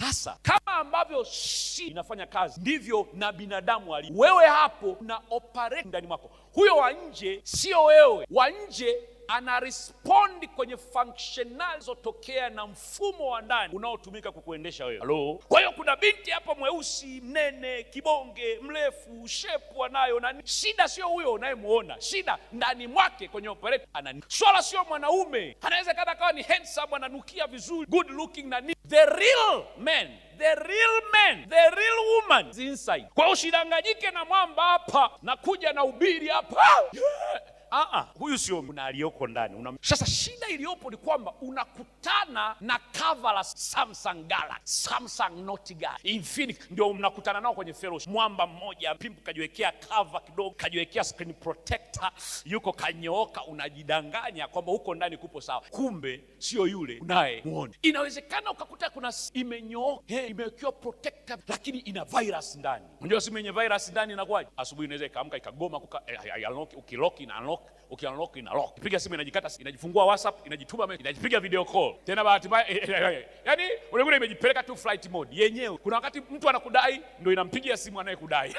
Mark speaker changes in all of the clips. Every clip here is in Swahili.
Speaker 1: Sasa kama ambavyo shi inafanya kazi ndivyo na binadamu alivyo. Wewe hapo na operate ndani mwako, huyo wa nje sio wewe, wa nje ana respond kwenye zotokea na mfumo wa ndani unaotumika kukuendesha wewe. Hello. Kwa hiyo kuna binti hapa mweusi, mnene, kibonge, mrefu, shepu anayo na shida sio huyo unayemuona, shida ndani mwake kwenye operate ana swala, sio mwanaume. Anaweza kada kawa ni handsome, ananukia vizuri, good looking na ni The real man the real man the real woman is inside. Kwa hiyo usidanganyike na mwamba hapa na kuja na ubiri hapa ah, ah, huyu sio kuna aliyoko ndani una... Sasa shida iliyopo ni kwamba unakutana na cover la Samsung Galaxy, Samsung Note Galaxy, Infinix ndio mnakutana nao kwenye fellowship. Mwamba mmoja pimpu kajiwekea cover kidogo, kajiwekea screen protector, yuko kanyooka, unajidanganya kwamba huko ndani kupo sawa, kumbe sio yule unaye muone. Inawezekana ukakuta kuna imenyooka, hey, imewekewa protector lakini ina virus ndani. Unajua simu yenye virus ndani inakuwaje? Asubuhi inaweza ikaamka ikagoma kuka, eh, ukilock ina unlock ukiunlock ina lock, piga simu inajikata, inajifungua WhatsApp, inajituma, inajipiga video call tena, bahati mbaya eh, eh, eh, yani unakuta imejipeleka tu flight mode yenyewe. Kuna wakati mtu anakudai ndio inampigia simu anayekudai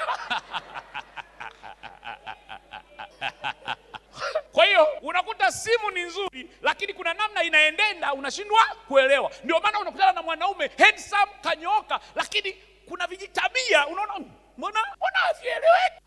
Speaker 1: Kwa hiyo unakuta simu ni nzuri, lakini kuna namna inaendenda unashindwa kuelewa. Ndio maana unakutana na mwanaume handsome, kanyooka, lakini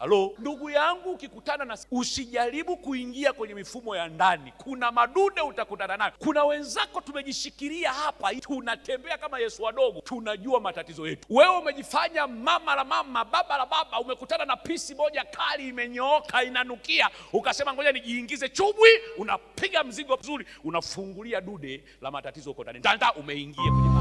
Speaker 1: Halo ndugu yangu, ukikutana na usijaribu kuingia kwenye mifumo ya ndani. Kuna madude utakutana nayo, kuna wenzako tumejishikilia hapa, tunatembea kama Yesu wadogo, tunajua matatizo yetu. Wewe umejifanya mama la mama, baba la baba, umekutana na pisi moja kali, imenyooka, inanukia, ukasema ngoja nijiingize chubwi. Unapiga mzigo mzuri, unafungulia dude la matatizo huko ndani, umeingia kwenye